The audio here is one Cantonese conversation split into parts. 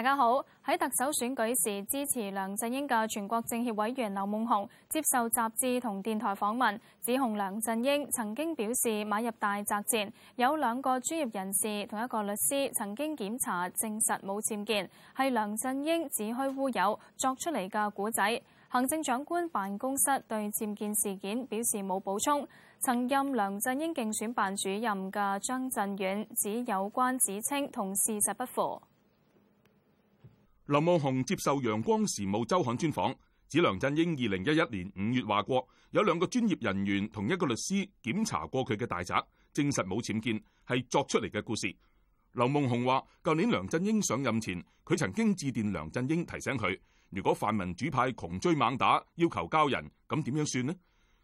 大家好，喺特首選舉時，支持梁振英嘅全國政協委員劉夢熊接受雜誌同電台訪問，指控梁振英曾經表示買入大宅前有兩個專業人士同一個律師曾經檢查，證實冇僭建，係梁振英子虛烏有作出嚟嘅古仔。行政長官辦公室對僭建事件表示冇補充。曾任梁振英競選辦主任嘅張振遠指有關指稱同事實不符。劉夢熊接受《陽光時務周刊》專訪，指梁振英二零一一年五月話過，有兩個專業人員同一個律師檢查過佢嘅大宅，證實冇僭建，係作出嚟嘅故事。劉夢熊話，舊年梁振英上任前，佢曾經致電梁振英提醒佢，如果泛民主派窮追猛打，要求交人，咁點樣算呢？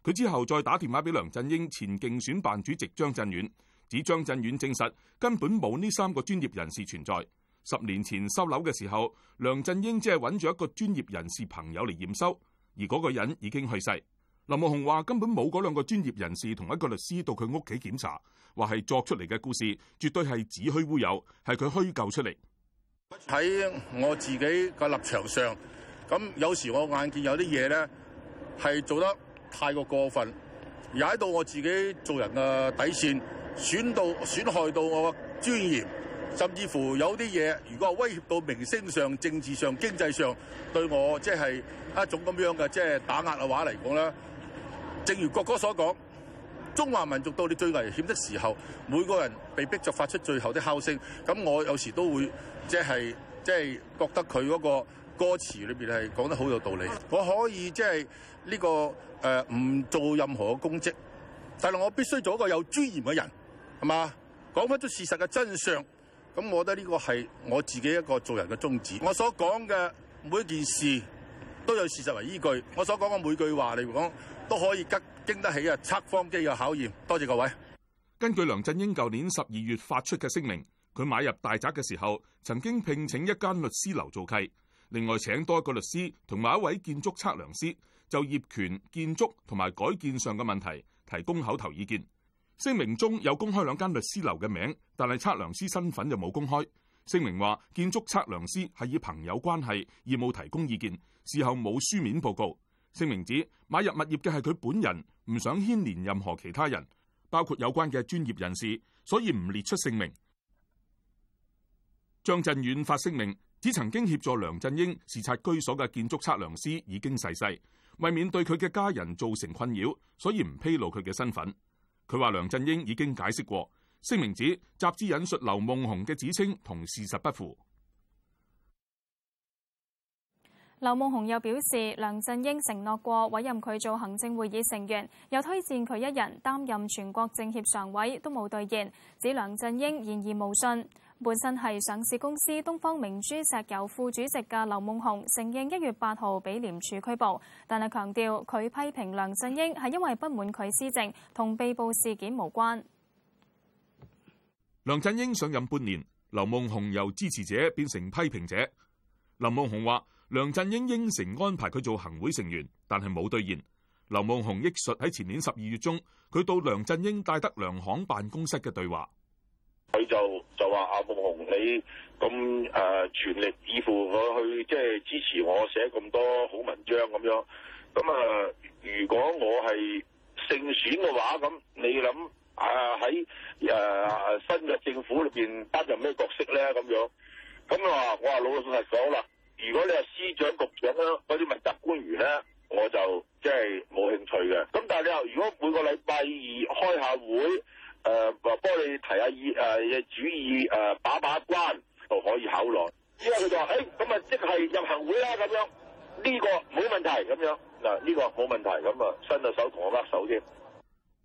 佢之後再打電話俾梁振英前競選辦主席張振遠，指張振遠證實根本冇呢三個專業人士存在。十年前收樓嘅時候，梁振英只係揾咗一個專業人士朋友嚟驗收，而嗰個人已經去世。劉夢熊話根本冇嗰兩個專業人士同一個律師到佢屋企檢查，話係作出嚟嘅故事絕對係子虛烏有，係佢虛構出嚟。喺我自己嘅立場上，咁有時我眼見有啲嘢呢係做得太過過分，踩到我自己做人嘅底線，損到損害到我嘅尊嚴。甚至乎有啲嘢，如果係威脅到明星上、政治上、經濟上對我即係、就是、一種咁樣嘅即係打壓嘅話嚟講咧，正如國歌所講，中華民族到你最危險的時候，每個人被逼著發出最後的敲聲，咁我有時都會即係即係覺得佢嗰個歌詞裏邊係講得好有道理。我可以即係呢個誒唔、呃、做任何嘅公職，但係我必須做一個有尊嚴嘅人，係嘛？講翻出事實嘅真相。咁我覺得呢個係我自己一個做人嘅宗旨。我所講嘅每一件事都有事實為依據，我所講嘅每句話嚟講都可以得經得起啊測謊機嘅考驗。多謝各位。根據梁振英舊年十二月發出嘅聲明，佢買入大宅嘅時候曾經聘請一間律師樓做契，另外請多一個律師同埋一位建築測量師，就業權、建築同埋改建上嘅問題提供口頭意見。聲明中有公開兩間律師樓嘅名，但係測量師身份又冇公開。聲明話，建築測量師係以朋友關係，而冇提供意見，事後冇書面報告。聲明指買入物業嘅係佢本人，唔想牽連任何其他人，包括有關嘅專業人士，所以唔列出姓名。張震遠發聲明，指曾經協助梁振英視察居所嘅建築測量師已經逝世，世，為免對佢嘅家人造成困擾，所以唔披露佢嘅身份。佢話梁振英已經解釋過，聲明指雜誌引述劉夢熊嘅指稱同事實不符。劉夢熊又表示梁振英承諾過委任佢做行政會議成員，又推薦佢一人擔任全國政協常委，都冇兌現，指梁振英言而無信。本身係上市公司東方明珠石油副主席嘅劉夢熊承認一月八號被廉署拘捕，但係強調佢批評梁振英係因為不滿佢施政，同被捕事件無關。梁振英上任半年，劉夢熊由支持者變成批評者。劉夢熊話：梁振英應承安排佢做行會成員，但係冇兌現。劉夢熊憶述喺前年十二月中，佢到梁振英戴德梁行辦公室嘅對話，佢就。話阿夢熊你咁誒、呃、全力以赴我去即係支持我寫咁多好文章咁樣，咁啊、呃、如果我係勝選嘅話，咁你諗啊喺誒、啊、新嘅政府裏邊擔任咩角色咧咁樣，咁啊，話、呃、我話老老實講啦，如果你係司長、局長咧嗰啲問責官員咧，我就即係冇興趣嘅。咁但係你話，如果每個禮拜二開下會。誒，話幫你提一下意誒嘅主意誒，把把關就可以考慮。依家佢就話，誒咁啊，即係入行會啦咁樣，呢、這個冇問題咁樣。嗱呢個冇問題，咁啊、這個、伸咗手同我握手添。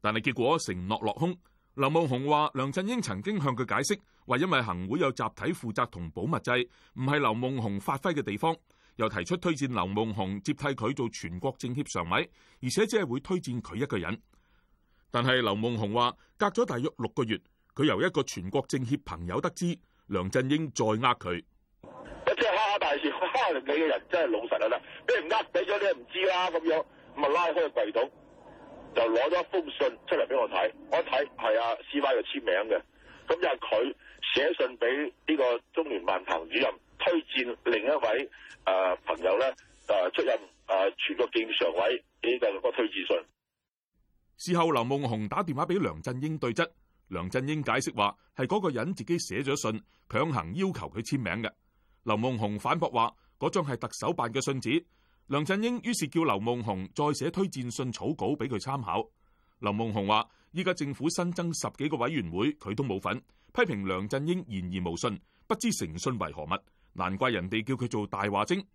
但係結果承諾落，落空。劉夢熊話梁振英曾經向佢解釋，話因為行會有集體負責同保密制，唔係劉夢熊發揮嘅地方。又提出推薦劉夢熊接替佢做全國政協常委，而且只係會推薦佢一個人。但係劉夢熊話，隔咗大約六個月，佢由一個全國政協朋友得知梁振英再呃佢。一哈哈大笑，哈你嘅人真係老實啦，俾人呃死咗你唔知啦，咁樣，咁啊，拉開個櫃桶，就攞咗一封信出嚟俾我睇，我一睇係啊 CY 嘅簽名嘅，咁就係佢寫信俾呢個中聯辦彭主任推薦另一位誒、呃、朋友咧誒、呃、出任誒全國政協常委，呢個個推薦信。事後，劉夢熊打電話俾梁振英對質，梁振英解釋話係嗰個人自己寫咗信，強行要求佢簽名嘅。劉夢熊反駁話嗰張係特首辦嘅信紙，梁振英於是叫劉夢熊再寫推薦信草稿俾佢參考。劉夢熊話：依家政府新增十幾個委員會，佢都冇份，批評梁振英言而無信，不知誠信為何物，難怪人哋叫佢做大話精。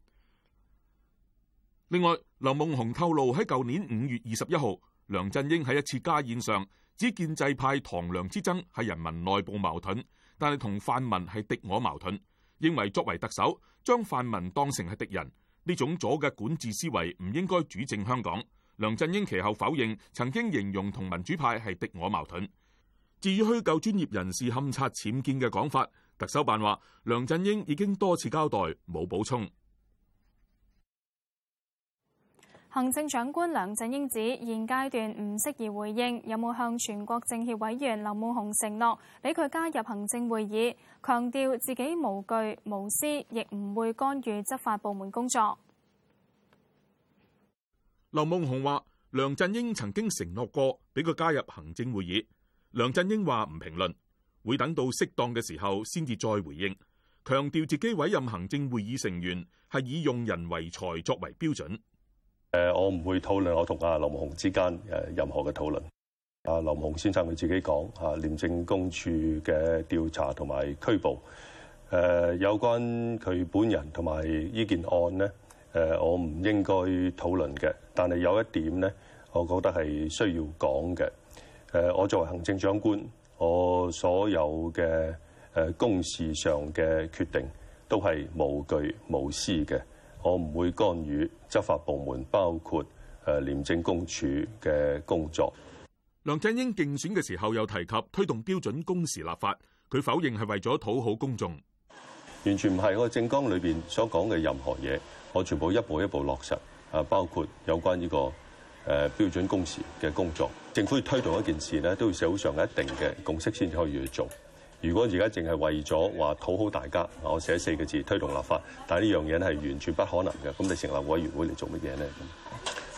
另外，劉夢熊透露喺舊年五月二十一號。梁振英喺一次家宴上指，建制派唐梁之爭係人民內部矛盾，但係同泛民係敵我矛盾，認為作為特首將泛民當成係敵人呢種左嘅管治思維唔應該主政香港。梁振英其後否認曾經形容同民主派係敵我矛盾。至於虛構專業人士勘察僭建嘅講法，特首辦話梁振英已經多次交代冇補充。行政長官梁振英指現階段唔適宜回應，有冇向全國政協委員劉夢熊承諾俾佢加入行政會議？強調自己無懼無私，亦唔會干預執法部門工作。劉夢熊話：梁振英曾經承諾過俾佢加入行政會議。梁振英話唔評論，會等到適當嘅時候先至再回應。強調自己委任行政會議成員係以用人為才作為標準。誒，我唔會討論我同阿劉夢熊之間誒任何嘅討論。阿劉夢熊先生佢自己講吓，廉政公署嘅調查同埋拘捕，誒有關佢本人同埋呢件案咧，誒我唔應該討論嘅。但係有一點咧，我覺得係需要講嘅。誒，我作為行政長官，我所有嘅誒公事上嘅決定都係無懼無私嘅。我唔會干預執法部門，包括誒廉政公署嘅工作。梁振英競選嘅時候又提及推動標準工時立法，佢否認係為咗討好公眾，完全唔係我政綱裏邊所講嘅任何嘢，我全部一步一步落實。啊，包括有關呢個誒標準工時嘅工作，政府要推動一件事咧，都要社會上有一定嘅共識先可以去做。如果而家淨係為咗話討好大家，我寫四個字推動立法，但係呢樣嘢係完全不可能嘅。咁你成立委員會嚟做乜嘢咧？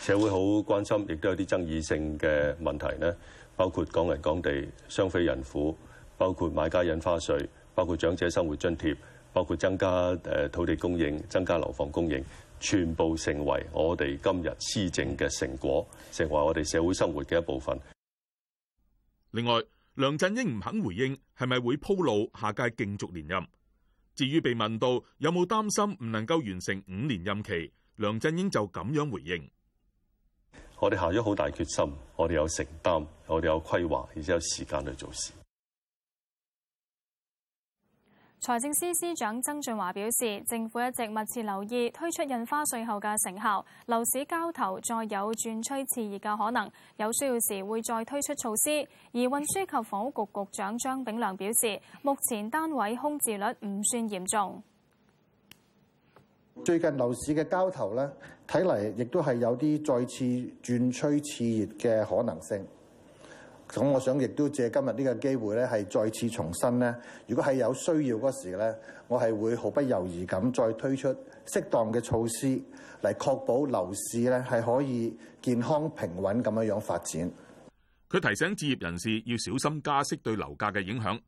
社會好關心，亦都有啲爭議性嘅問題咧，包括港人港地、雙非孕婦，包括買家印花稅，包括長者生活津貼，包括增加誒土地供應，增加樓房供應，全部成為我哋今日施政嘅成果，成為我哋社會生活嘅一部分。另外。梁振英唔肯回應係咪會鋪路下屆競逐連任。至於被問到有冇擔心唔能夠完成五年任期，梁振英就咁樣回應：我哋下咗好大決心，我哋有承擔，我哋有規劃，而且有時間去做事。財政司司長曾俊華表示，政府一直密切留意推出印花稅後嘅成效，樓市交投再有轉趨熾熱嘅可能，有需要時會再推出措施。而運輸及房屋局局長張炳良表示，目前單位空置率唔算嚴重。最近樓市嘅交投呢，睇嚟亦都係有啲再次轉趨熾熱嘅可能性。咁我想亦都借今日呢個機會咧，係再次重申呢，如果係有需要嗰時咧，我係會毫不猶豫咁再推出適當嘅措施，嚟確保樓市咧係可以健康平穩咁樣樣發展。佢提醒置業人士要小心加息對樓價嘅影響。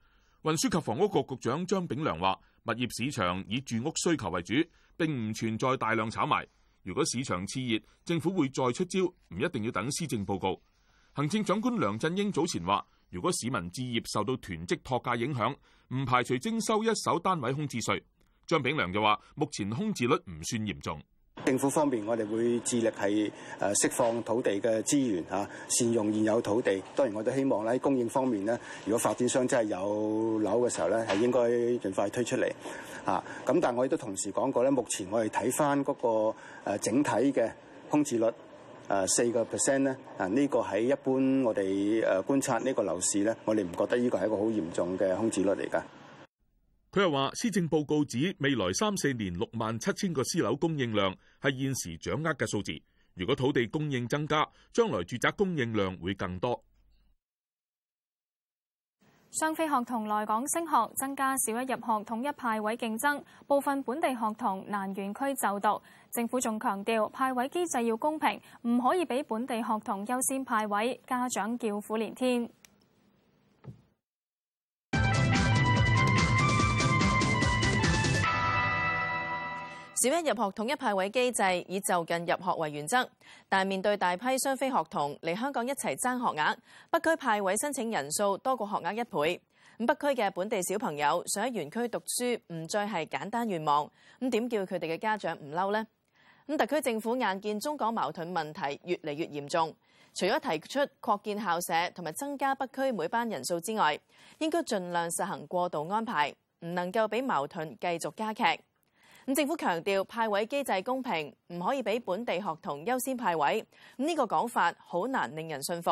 運輸及房屋局局長張炳良話，物業市場以住屋需求為主，並唔存在大量炒賣。如果市場熾熱，政府會再出招，唔一定要等施政報告。行政長官梁振英早前話，如果市民置業受到囤積托價影響，唔排除徵收一手單位空置稅。張炳良就話，目前空置率唔算嚴重。政府方面，我哋會致力係誒釋放土地嘅資源吓，善用現有土地。當然，我哋希望咧，供應方面咧，如果發展商真係有樓嘅時候咧，係應該盡快推出嚟吓。咁，但係我亦都同時講過咧，目前我哋睇翻嗰個誒整體嘅空置率。誒四個 percent 咧，啊呢個喺一般我哋誒觀察呢個樓市咧，我哋唔覺得呢個係一個好嚴重嘅空置率嚟噶。佢又話，施政報告指未來三四年六萬七千個私樓供應量係現時掌握嘅數字，如果土地供應增加，將來住宅供應量會更多。雙非學童來港升學，增加小一入學統一派位競爭，部分本地學童難遠區就讀。政府仲強調派位機制要公平，唔可以俾本地學童優先派位，家長叫苦連天。小一入學統一派位機制，以就近入學為原則，但面對大批雙非學童嚟香港一齊爭學額，北區派位申請人數多過學額一倍。咁北區嘅本地小朋友想喺原區讀書，唔再係簡單願望。咁點叫佢哋嘅家長唔嬲咧？咁特區政府眼見中港矛盾問題越嚟越嚴重，除咗提出擴建校舍同埋增加北區每班人數之外，應該盡量實行過渡安排，唔能夠俾矛盾繼續加劇。咁政府強調派位機制公平，唔可以俾本地學童優先派位。咁、這、呢個講法好難令人信服。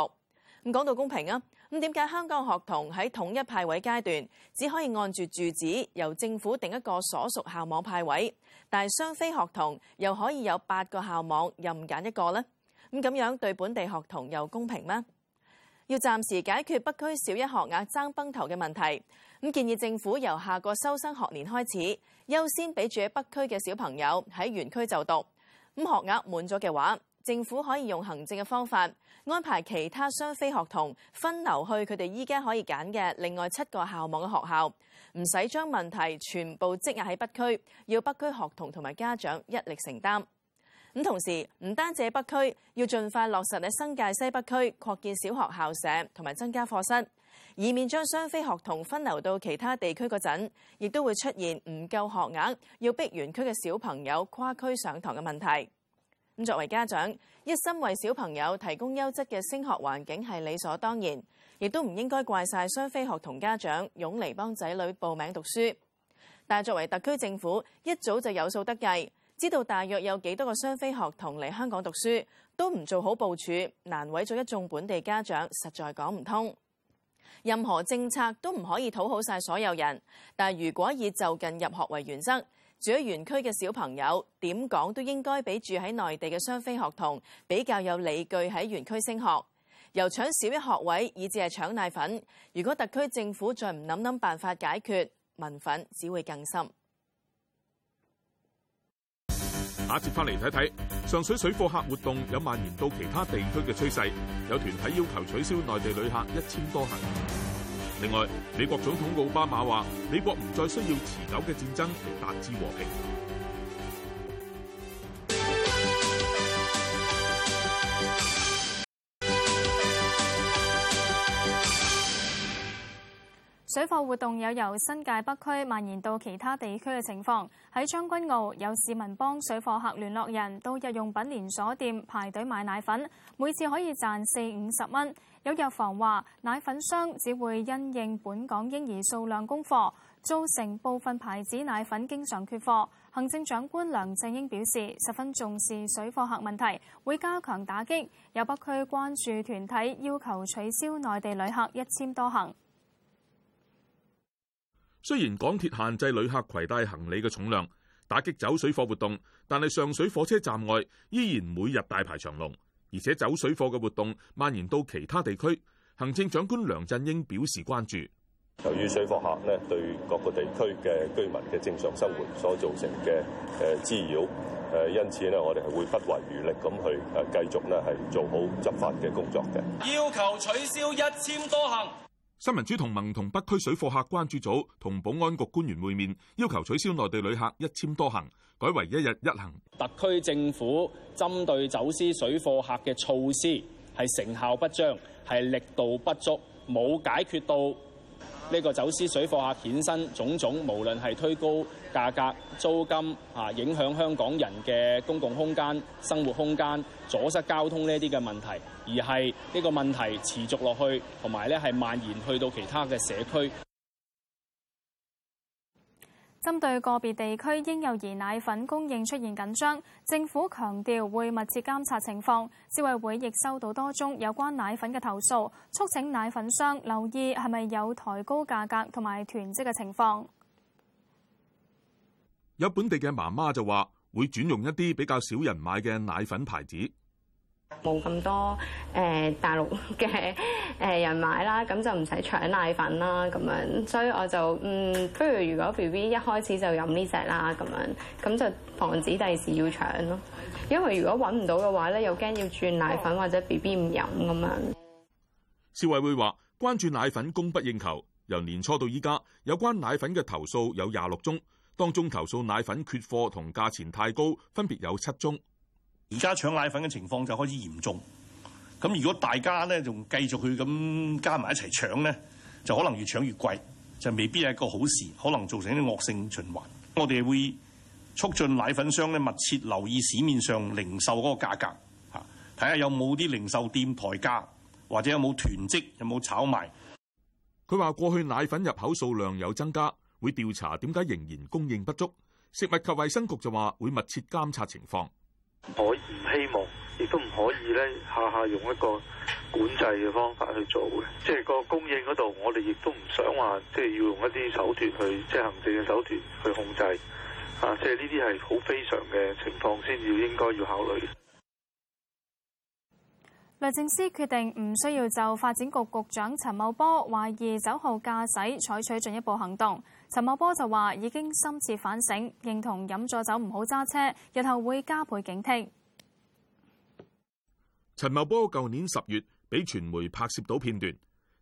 咁講到公平啊，咁點解香港學童喺統一派位階段只可以按住住址由政府定一個所屬校網派位，但係雙非學童又可以有八個校網任揀一個呢？咁咁樣對本地學童又公平嗎？要暫時解決北區小一學額爭崩頭嘅問題，咁建議政府由下個收生學年開始。優先俾住喺北區嘅小朋友喺園區就讀，咁學額滿咗嘅話，政府可以用行政嘅方法安排其他雙非學童分流去佢哋依家可以揀嘅另外七個校網嘅學校，唔使將問題全部積壓喺北區，要北區學童同埋家長一力承擔。咁同時唔單止喺北區，要盡快落實喺新界西北區擴建小學校舍同埋增加課室。以免將雙非學童分流到其他地區，嗰陣亦都會出現唔夠學額，要逼原區嘅小朋友跨區上堂嘅問題。咁作為家長，一心為小朋友提供優質嘅升學環境係理所當然，亦都唔應該怪晒雙非學童家長湧嚟幫仔女報名讀書。但作為特區政府，一早就有數得計，知道大約有幾多個雙非學童嚟香港讀書，都唔做好部署，難為咗一眾本地家長，實在講唔通。任何政策都唔可以討好晒所有人，但如果以就近入學為原則，住喺園區嘅小朋友點講都應該比住喺內地嘅雙非學童比較有理據喺園區升學，由搶小一學位以至係搶奶粉，如果特區政府再唔諗諗辦法解決，民憤只會更深。下節翻嚟睇睇，上水水貨客活動有蔓延到其他地區嘅趨勢，有團體要求取消內地旅客一簽多行。另外，美國總統奧巴馬話：美國唔再需要持久嘅戰爭嚟達至和平。水貨活動有由新界北區蔓延到其他地區嘅情況，喺將軍澳有市民幫水貨客聯絡人到日用品連鎖店排隊買奶粉，每次可以賺四五十蚊。有藥房話奶粉商只會因應本港嬰兒數量供貨，造成部分牌子奶粉經常缺貨。行政長官梁振英表示十分重視水貨客問題，會加強打擊。有北區關注團體要求取消內地旅客一簽多行。雖然港鐵限制旅客攜帶行李嘅重量，打擊走水貨活動，但係上水火車站外依然每日大排長龍，而且走水貨嘅活動蔓延到其他地區。行政長官梁振英表示關注，由於水貨客咧對各個地區嘅居民嘅正常生活所造成嘅誒滋擾，誒因此我哋係會不遺餘力咁去誒繼續咧係做好執法嘅工作嘅。要求取消一簽多行。新民主同盟同北區水貨客關注組同保安局官員會面，要求取消內地旅客一簽多行，改為一日一行。特區政府針對走私水貨客嘅措施係成效不彰，係力度不足，冇解決到呢個走私水貨客衍生種種，無論係推高、價格、租金影響香港人嘅公共空間、生活空間、阻塞交通呢啲嘅問題，而係呢個問題持續落去，同埋呢係蔓延去到其他嘅社區。針對個別地區嬰幼兒奶粉供應出現緊張，政府強調會密切監察情況。消委會亦收到多宗有關奶粉嘅投訴，促請奶粉商留意係咪有抬高價格同埋囤積嘅情況。有本地嘅媽媽就話會轉用一啲比較少人買嘅奶粉牌子沒那麼，冇咁多誒大陸嘅誒人買啦，咁就唔使搶奶粉啦，咁樣所以我就嗯不如如果 B B 一開始就飲呢隻啦，咁樣咁就防止第時要搶咯，因為如果搵唔到嘅話咧，又驚要轉奶粉或者 B B 唔飲咁樣。消委會話關注奶粉供不應求，由年初到依家有關奶粉嘅投訴有廿六宗。當中投訴奶粉缺貨同價錢太高，分別有七宗。而家搶奶粉嘅情況就開始嚴重。咁如果大家咧仲繼續去咁加埋一齊搶咧，就可能越搶越貴，就未必係一個好事，可能造成一啲惡性循環。我哋會促進奶粉商咧密切留意市面上零售嗰個價格，吓睇下有冇啲零售店抬價，或者有冇囤積，有冇炒賣。佢話過去奶粉入口數量有增加。會調查點解仍然供應不足。食物及衛生局就話會密切監察情況。我唔希望，亦都唔可以咧，下下用一個管制嘅方法去做嘅。即係個供應嗰度，我哋亦都唔想話，即係要用一啲手段去，即係行政嘅手段去控制啊。即係呢啲係好非常嘅情況，先至要應該要考慮。律政司決定唔需要就發展局局長陳茂波懷疑酒後駕駛採取進一步行動。陳茂波就話已經深切反省，認同飲咗酒唔好揸車，日後會加倍警惕。陳茂波舊年十月俾傳媒拍攝到片段，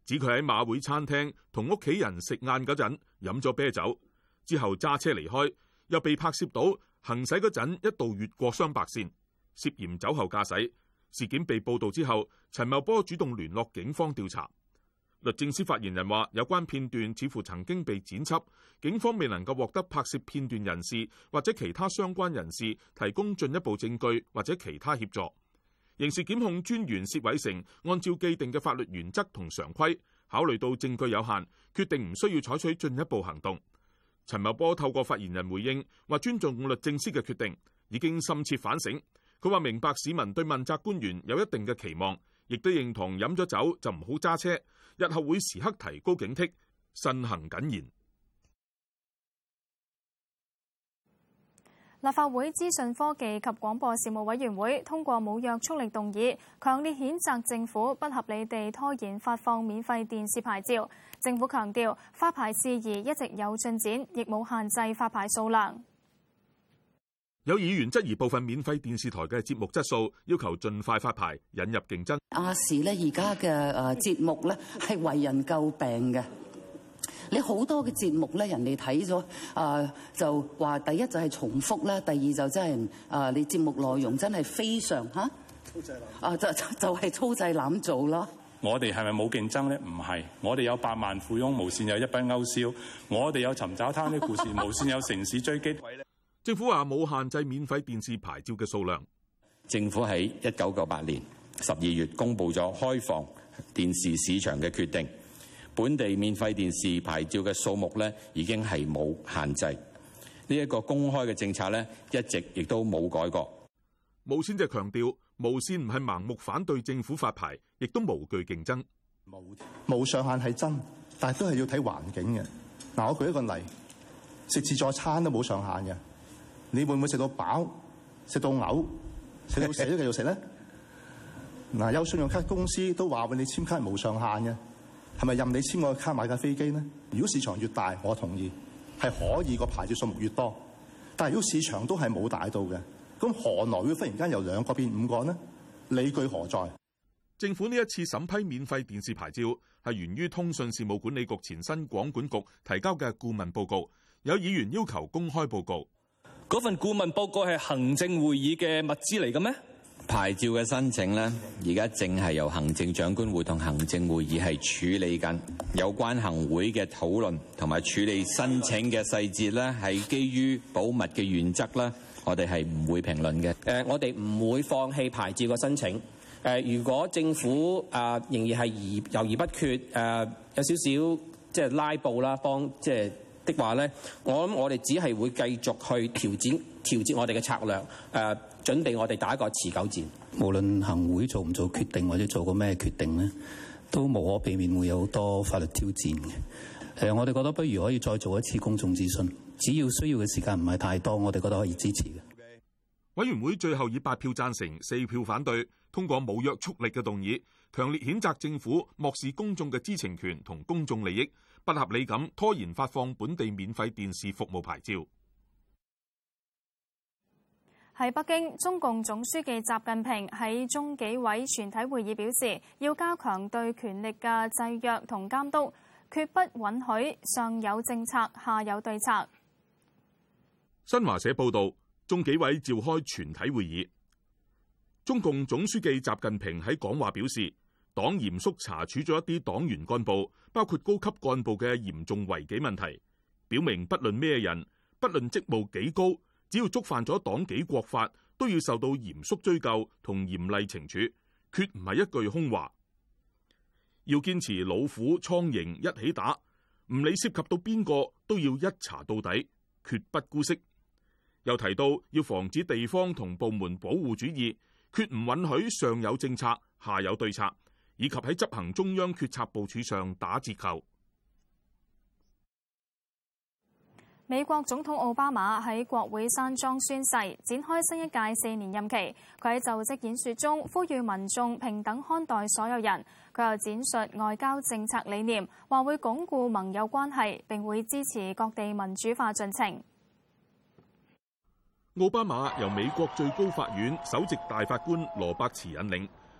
指佢喺馬會餐廳同屋企人食晏嗰陣飲咗啤酒，之後揸車離開，又被拍攝到行駛嗰陣一度越過雙白線，涉嫌酒後駕駛。事件被報道之後，陳茂波主動聯絡警方調查。律政司發言人話：有關片段似乎曾經被剪輯，警方未能夠獲得拍攝片段人士或者其他相關人士提供進一步證據或者其他協助。刑事檢控專員薛偉成按照既定嘅法律原則同常規，考慮到證據有限，決定唔需要採取進一步行動。陳茂波透過發言人回應話：尊重律政司嘅決定，已經深切反省。佢話明白市民對問責官員有一定嘅期望，亦都認同飲咗酒就唔好揸車，日後會時刻提高警惕，慎行謹言。立法會資訊科技及廣播事務委員會通過冇約束力動議，強烈譴責政府不合理地拖延發放免費電視牌照。政府強調，發牌事宜一直有進展，亦冇限制發牌數量。有議員質疑部分免費電視台嘅節目質素，要求盡快發牌引入競爭。亞視咧而家嘅誒節目咧係為人詬病嘅，你好多嘅節目咧人哋睇咗啊就話第一就係重複啦，第二就真係啊你節目內容真係非常嚇、啊、粗製啊就就就係、是、粗製濫做咯。我哋係咪冇競爭咧？唔係，我哋有百萬富翁，無線有一筆勾銷，我哋有尋找他啲故事，無線有城市追擊。 政府話冇限制免費電視牌照嘅數量。政府喺一九九八年十二月公布咗開放電視市場嘅決定，本地免費電視牌照嘅數目咧已經係冇限制。呢一個公開嘅政策咧一直亦都冇改過無。無綫就強調無綫唔係盲目反對政府發牌，亦都無懼競爭。冇上限係真，但係都係要睇環境嘅。嗱，我舉一個例，食自助餐都冇上限嘅。你會唔會食到飽？食到嘔？食到死都繼續食呢？嗱， 有信用卡公司都話俾你簽卡係無上限嘅，係咪任你簽個卡買架飛機呢？如果市場越大，我同意係可以個牌照數目越多。但係如果市場都係冇大到嘅，咁何來會忽然間由兩個變五個呢？理據何在？政府呢一次審批免費電視牌照係源於通訊事務管理局前身廣管局提交嘅顧問報告，有議員要求公開報告。嗰份顧問報告係行政會議嘅物資嚟嘅咩？牌照嘅申請咧，而家正係由行政長官會同行政會議係處理緊有關行會嘅討論同埋處理申請嘅細節咧，係基於保密嘅原則咧，我哋係唔會評論嘅。誒、呃，我哋唔會放棄牌照嘅申請。誒、呃，如果政府誒、呃、仍然係猶豫不決誒、呃，有少少即係拉布啦，幫即係。的話咧，我諗我哋只係會繼續去調整、調節我哋嘅策略，誒、呃，準備我哋打一個持久戰，無論行會做唔做決定，或者做過咩決定咧，都無可避免會有好多法律挑戰嘅。誒、呃，我哋覺得不如可以再做一次公眾諮詢，只要需要嘅時間唔係太多，我哋覺得可以支持嘅。委員會最後以八票贊成、四票反對，通過冇約束力嘅動議，強烈譴責政府漠視公眾嘅知情權同公眾利益，不合理咁拖延發放本地免費電視服務牌照。喺北京，中共總書記習近平喺中紀委全體會議表示，要加強對權力嘅制約同監督，決不允許上有政策，下有對策。新華社報道，中紀委召開全體會議，中共總書記習近平喺講話表示。黨嚴肅查處咗一啲黨員幹部，包括高級幹部嘅嚴重違紀問題，表明不論咩人，不論職務幾高，只要觸犯咗黨紀國法，都要受到嚴肅追究同嚴厲懲處，決唔係一句空話。要堅持老虎蒼蠅一起打，唔理涉及到邊個都要一查到底，決不姑息。又提到要防止地方同部門保護主義，決唔允許上有政策，下有對策。以及喺執行中央決策部署上打折扣。美國總統奧巴馬喺國會山莊宣誓，展開新一屆四年任期。佢喺就職演說中呼籲民眾平等看待所有人。佢又展述外交政策理念，話會鞏固盟友關係，並會支持各地民主化進程。奧巴馬由美國最高法院首席大法官羅伯茨引領。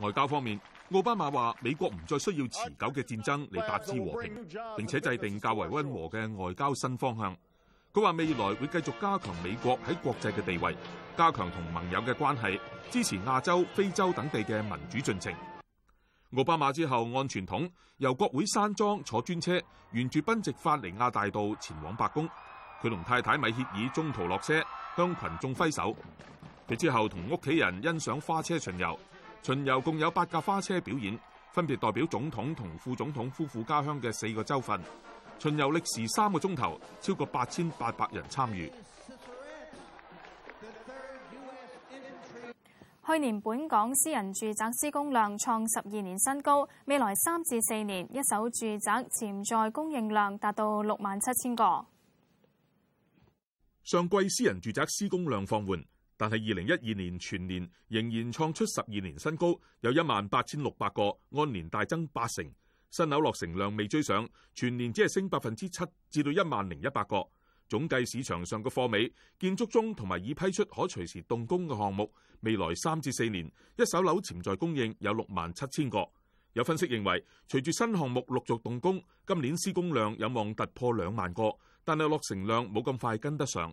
外交方面，奧巴馬話美國唔再需要持久嘅戰爭嚟達至和平，並且制定較為溫和嘅外交新方向。佢話未來會繼續加強美國喺國際嘅地位，加強同盟友嘅關係，支持亞洲、非洲等地嘅民主進程。奧巴馬之後按傳統由國會山莊坐專車，沿住賓夕法尼亞大道前往白宮。佢同太太米歇爾中途落車向群眾揮手，佢之後同屋企人欣賞花車巡遊。巡遊共有八架花車表演，分別，代表總統同副總統夫婦家鄉嘅四個州份。巡遊歷時三個鐘頭，超過八千八百人參與。去年本港私人住宅施工量創十二年新高，未來三至四年一手住宅潛在供應量達到六萬七千個。上季私人住宅施工量放緩。但係二零一二年全年仍然創出十二年新高，有一萬八千六百個，按年大增八成。新樓落成量未追上，全年只係升百分之七，至到一萬零一百個。總計市場上嘅貨尾、建築中同埋已批出可隨時動工嘅項目，未來三至四年一手樓潛在供應有六萬七千個。有分析認為，隨住新項目陸續動工，今年施工量有望突破兩萬個，但係落成量冇咁快跟得上。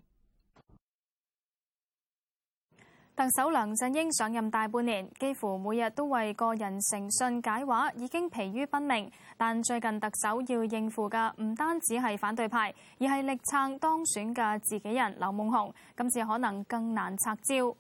特首梁振英上任大半年，幾乎每日都為個人誠信解話，已經疲於奔命。但最近特首要應付嘅唔單止係反對派，而係力撐當選嘅自己人劉夢熊，今次可能更難拆招。